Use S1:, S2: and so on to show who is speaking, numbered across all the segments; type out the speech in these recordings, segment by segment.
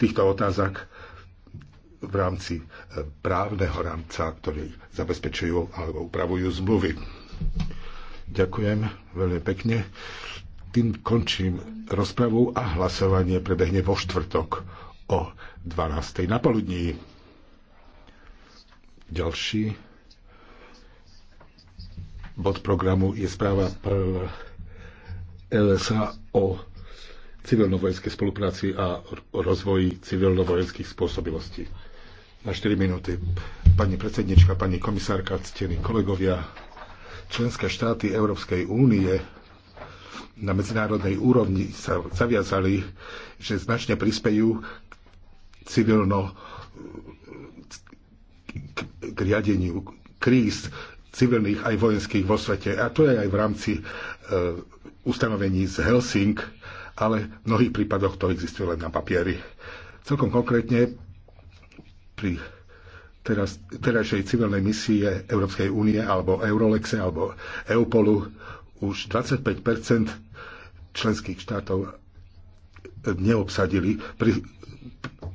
S1: týchto otázok v rámci e, právneho rámca, ktorý zabezpečujú alebo upravujú zmluvy. Ďakujem veľmi pekne. Tým končím rozpravu a hlasovanie prebehne vo štvrtok o 12. na poludní. Ďalší bod programu je správa LSA o civilno-vojenskej spolupráci a rozvoji civilno-vojenských spôsobilostí. Na 4 minúty. Pani predsednička, pani komisárka, ctení kolegovia, členské štáty Európskej únie na medzinárodnej úrovni sa zaviazali, že značne prispejú civilno k riadeniu kríz civilných aj vojenských vo svete. A to je aj v rámci e, ustanovení z Helsing, ale v mnohých prípadoch to existuje len na papieri. Celkom konkrétne pri teraz, terajšej civilnej misie Európskej únie alebo Eurolexe alebo Eupolu už 25 členských štátov neobsadili pri,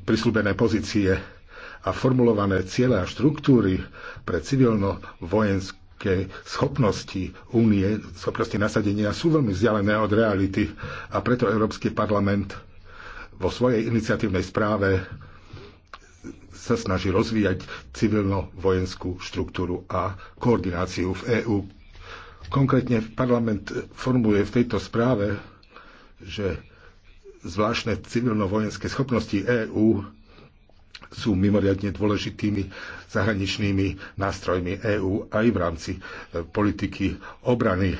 S1: prislúbené pozície a formulované ciele a štruktúry pre civilno-vojenskú ke schopnosti únie, schopnosti nasadenia sú veľmi vzdialené od reality a preto Európsky parlament vo svojej iniciatívnej správe sa snaží rozvíjať civilno-vojenskú štruktúru a koordináciu v EÚ. Konkrétne parlament formuje v tejto správe, že zvláštne civilno-vojenské schopnosti EÚ sú mimoriadne dôležitými zahraničnými nástrojmi EÚ aj v rámci e, politiky obrany.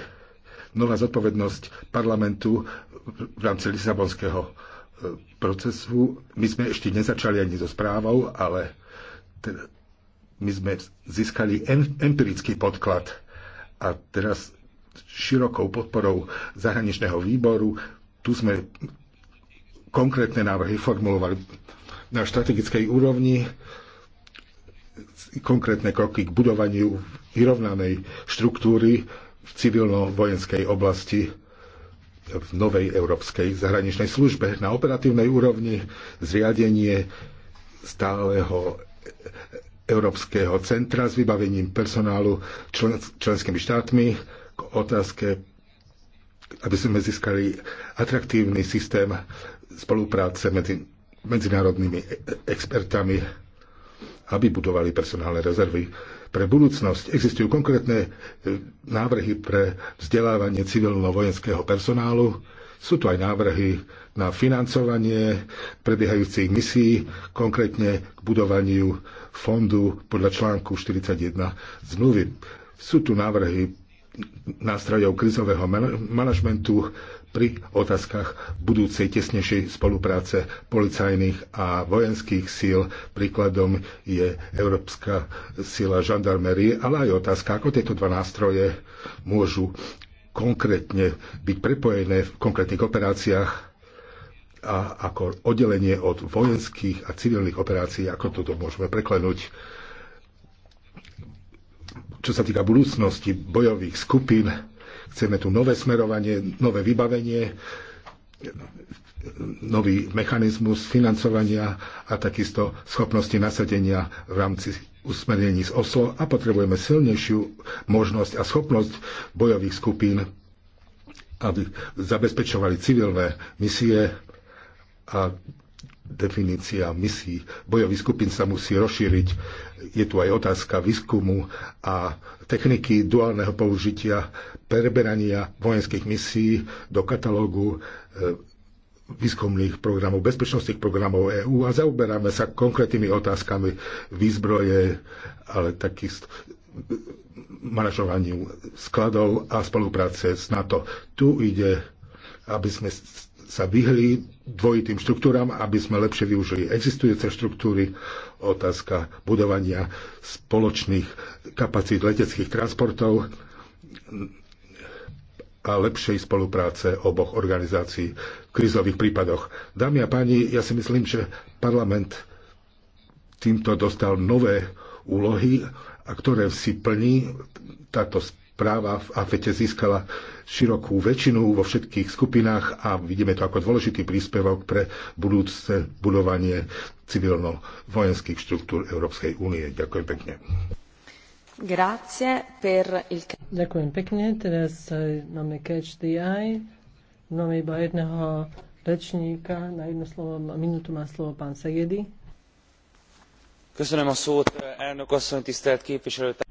S1: Nová zodpovednosť parlamentu v rámci Lisabonského e, procesu. My sme ešte nezačali ani so správou, ale my sme získali empirický podklad a teraz širokou podporou zahraničného výboru tu sme konkrétne návrhy formulovali na strategickej úrovni konkrétne kroky k budovaniu vyrovnanej štruktúry v civilno-vojenskej oblasti v novej európskej zahraničnej službe. Na operatívnej úrovni zriadenie stáleho Európskeho centra s vybavením personálu člen, členskými štátmi k otázke, aby sme získali atraktívny systém spolupráce medzi medzinárodnými e- e- expertami, aby budovali personálne rezervy. Pre budúcnosť existujú konkrétne e, návrhy pre vzdelávanie civilno-vojenského personálu. Sú tu aj návrhy na financovanie prebiehajúcich misií, konkrétne k budovaniu fondu podľa článku 41 zmluvy. Sú tu návrhy nástrojov krizového manažmentu, pri otázkach budúcej tesnejšej spolupráce policajných a vojenských síl. Príkladom je Európska sila žandarmerie, ale aj otázka, ako tieto dva nástroje môžu konkrétne byť prepojené v konkrétnych operáciách a ako oddelenie od vojenských a civilných operácií, ako toto môžeme preklenúť čo sa týka budúcnosti bojových skupín, Chceme tu nové smerovanie, nové vybavenie, nový mechanizmus financovania a takisto schopnosti nasadenia v rámci usmernení z Oslo a potrebujeme silnejšiu možnosť a schopnosť bojových skupín, aby zabezpečovali civilné misie a definícia misií bojových skupín sa musí rozšíriť. Je tu aj otázka výskumu a techniky duálneho použitia, preberania vojenských misií do katalógu e, výskumných programov, bezpečnostných programov EÚ a zaoberáme sa konkrétnymi otázkami výzbroje, ale takisto manažovaniu skladov a spolupráce s NATO. Tu ide, aby sme sa vyhli dvojitým štruktúram, aby sme lepšie využili existujúce štruktúry. Otázka budovania spoločných kapacít leteckých transportov a lepšej spolupráce oboch organizácií v krizových prípadoch. Dámy a páni, ja si myslím, že parlament týmto dostal nové úlohy, a ktoré si plní táto práva v AFETE získala širokú väčšinu vo všetkých skupinách a vidíme to ako dôležitý príspevok pre budúce budovanie civilno-vojenských štruktúr Európskej únie. Ďakujem pekne.
S2: per il... Ďakujem pekne. Teraz eh, máme Catch the Eye. Máme iba jedného rečníka. Na jedno slovo, minútu má slovo pán Segedy.
S1: Eh,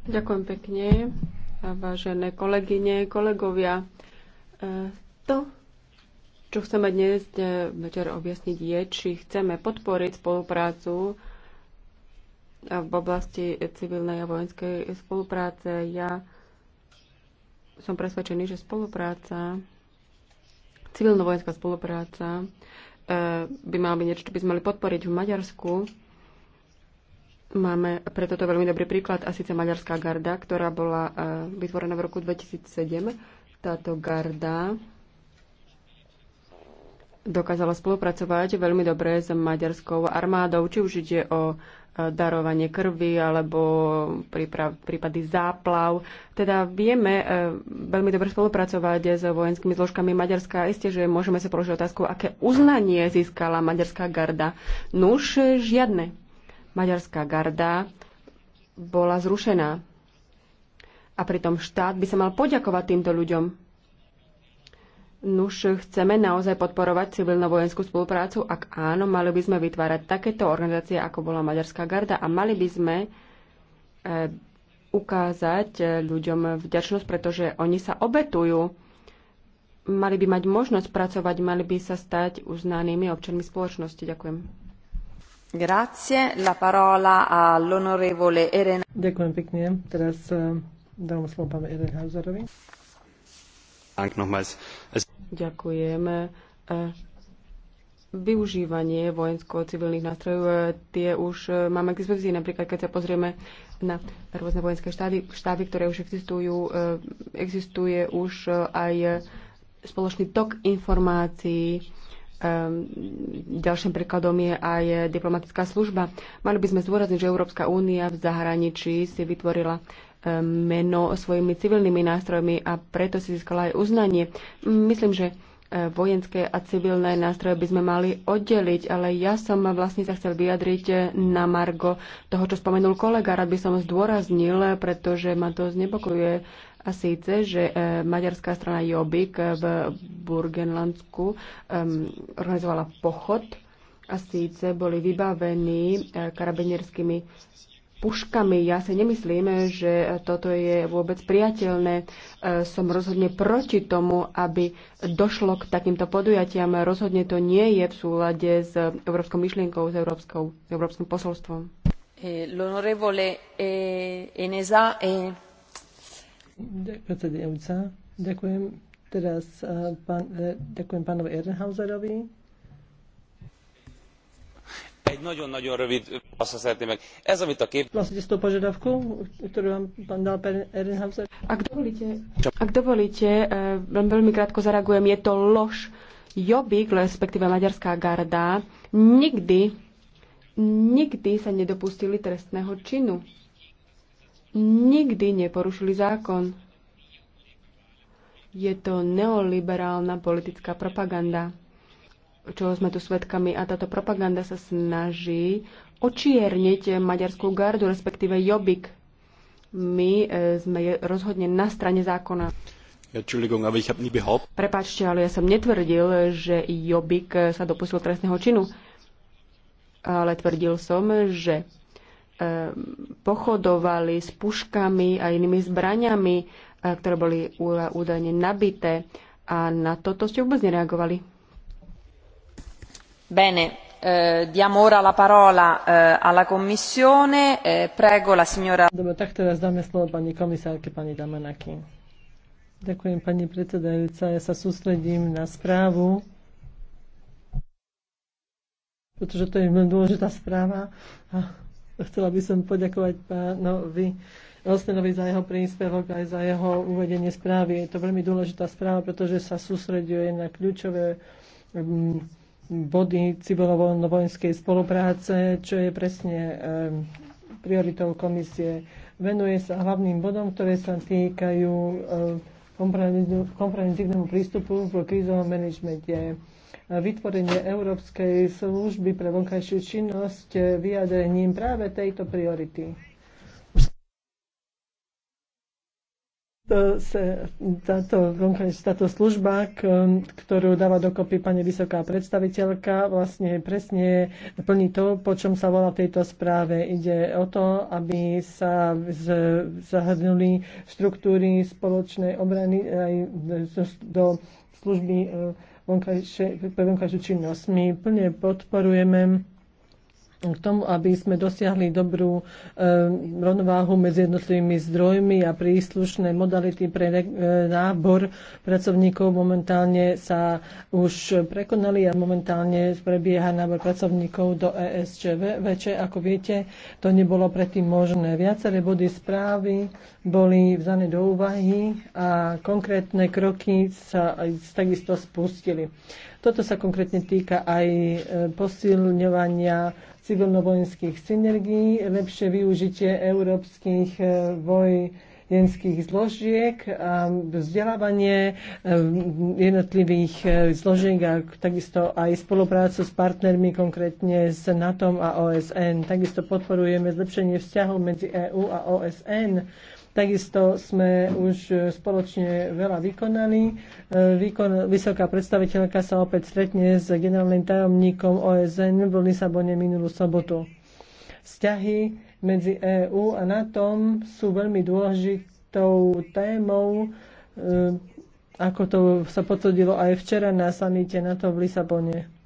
S3: Ďakujem pekne vážené kolegyne, kolegovia. E, to, čo chceme dnes e, večer objasniť, je, či chceme podporiť spoluprácu v oblasti civilnej a vojenskej spolupráce. Ja som presvedčený, že spolupráca, civilno-vojenská spolupráca e, by mala byť niečo, čo by sme mali podporiť v Maďarsku Máme pre toto veľmi dobrý príklad a síce Maďarská garda, ktorá bola e, vytvorená v roku 2007. Táto garda dokázala spolupracovať veľmi dobre s maďarskou armádou, či už ide o e, darovanie krvi alebo príprav, prípady záplav. Teda vieme e, veľmi dobre spolupracovať s vojenskými zložkami Maďarska. Isté, že môžeme sa položiť otázku, aké uznanie získala maďarská garda. Nuž žiadne maďarská garda bola zrušená. A pritom štát by sa mal poďakovať týmto ľuďom. Nuž chceme naozaj podporovať civilno-vojenskú spoluprácu? Ak áno, mali by sme vytvárať takéto organizácie, ako bola Maďarská garda a mali by sme e, ukázať e, ľuďom vďačnosť, pretože oni sa obetujú. Mali by mať možnosť pracovať, mali by sa stať uznanými občanmi spoločnosti. Ďakujem. Ďakujem
S2: pekne. Teraz eh, dám slovo pánu Ehrenhauserovi.
S3: Ďakujem. Eh, využívanie vojensko-civilných nástrojov, eh, tie už máme k dispozícii. Napríklad, keď sa pozrieme na rôzne vojenské štáby, štáby, ktoré už existujú, existuje už aj spoločný tok informácií Ehm, ďalším príkladom je aj diplomatická služba. Mali by sme zdôrazniť, že Európska únia v zahraničí si vytvorila ehm, meno svojimi civilnými nástrojmi a preto si získala aj uznanie. Myslím, že E, vojenské a civilné nástroje by sme mali oddeliť, ale ja som vlastne sa chcel vyjadriť e, na Margo toho, čo spomenul kolega. Rád by som zdôraznil, pretože ma to znepokojuje a síce, že e, maďarská strana Jobik v Burgenlandsku organizovala pochod a síce boli vybavení karabinierskými puškami. Ja si nemyslím, že toto je vôbec priateľné. E, som rozhodne proti tomu, aby došlo k takýmto podujatiam. Rozhodne to nie je v súlade s európskou myšlienkou, s,
S2: európskou, s európskym posolstvom.
S3: E, l'onorevole Eneza e...
S2: e. Ďakujem. Teraz pán, ďakujem pánovi Ehrenhauserovi.
S3: Vlastne
S2: ktorú vám pán dal Ak dovolíte,
S3: ak dovolíte, eh, len veľmi krátko zareagujem, je to lož. Jobbik, respektíve maďarská garda, nikdy, nikdy sa nedopustili trestného činu. Nikdy neporušili zákon. Je to neoliberálna politická propaganda čo sme tu svedkami. A táto propaganda sa snaží očierniť maďarskú gardu, respektíve Jobik. My e, sme rozhodne na strane zákona. Prepáčte, ale ja som netvrdil, že Jobik e, sa dopustil trestného činu. Ale tvrdil som, že e, pochodovali s puškami a inými zbraniami, ktoré boli údajne nabité. A na toto ste vôbec nereagovali. Bene, eh, diamo ora la parola eh, alla Commissione. Eh, prego la signora... Dobre, tak teraz
S2: dáme slovo pani komisárke, pani Damanaki. Ďakujem, pani predsedajúca. Ja sa sústredím na správu, pretože to je veľmi dôležitá správa. A chcela by som poďakovať pánovi Elstenovi za jeho príspevok aj za jeho uvedenie správy. Je to veľmi dôležitá správa, pretože sa sústreďuje na kľúčové um, body civilovo-vojenskej spolupráce, čo je presne eh, prioritou komisie. Venuje sa hlavným bodom, ktoré sa týkajú eh, komprehenzívnemu prístupu v krízovom manažmente. Eh, vytvorenie Európskej služby pre vonkajšiu činnosť vyjadrením práve tejto priority. to sa, táto, táto služba, ktorú dáva dokopy pani vysoká predstaviteľka, vlastne presne plní to, po čom sa volá v tejto správe. Ide o to, aby sa z, zahrnuli štruktúry spoločnej obrany aj do služby e, vonkajšiu činnosť. My plne podporujeme k tomu, aby sme dosiahli dobrú e, rovnováhu medzi jednotlivými zdrojmi a príslušné modality pre e, nábor pracovníkov momentálne sa už prekonali a momentálne prebieha nábor pracovníkov do ESČV. Väčšie, ako viete, to nebolo predtým možné. Viaceré body správy boli vzané do úvahy a konkrétne kroky sa takisto spustili. Toto sa konkrétne týka aj e, posilňovania civilno-vojenských synergií, lepšie využitie európskych e, vojenských zložiek a vzdelávanie e, jednotlivých zložiek a takisto aj spoluprácu s partnermi, konkrétne s NATO a OSN. Takisto podporujeme zlepšenie vzťahov medzi EÚ a OSN Takisto sme už e, spoločne veľa vykonali. E, výkon, vysoká predstaviteľka sa opäť stretne s generálnym tajomníkom OSN v Lisabone minulú sobotu. Vzťahy medzi EÚ a NATO sú veľmi dôležitou témou, e, ako to sa potvrdilo aj včera na samite NATO v Lisabone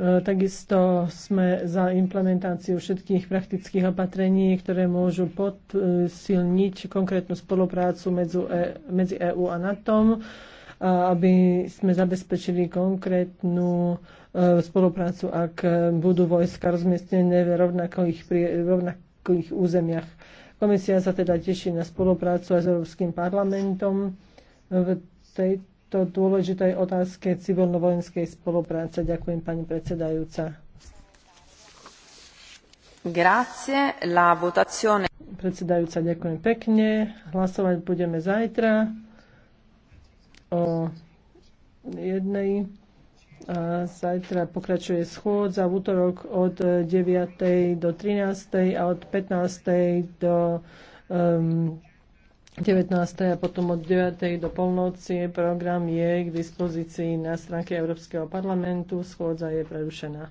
S2: E, takisto sme za implementáciu všetkých praktických opatrení, ktoré môžu podsilniť konkrétnu spoluprácu e, medzi EÚ a NATO, aby sme zabezpečili konkrétnu e, spoluprácu, ak budú vojska rozmiestnené v rovnakých, rovnakých územiach. Komisia sa teda teší na spoluprácu aj s Európskym parlamentom v tej, tejto dôležitej otázke civilno-vojenskej spolupráce. Ďakujem, pani predsedajúca. Grazie, la votazione. Predsedajúca, ďakujem pekne. Hlasovať budeme zajtra o jednej. A zajtra pokračuje schôd v útorok od 9. do 13. a od 15. do um, 19. a potom od 9. do polnoci program je k dispozícii na stránke Európskeho parlamentu. Schôdza je prerušená.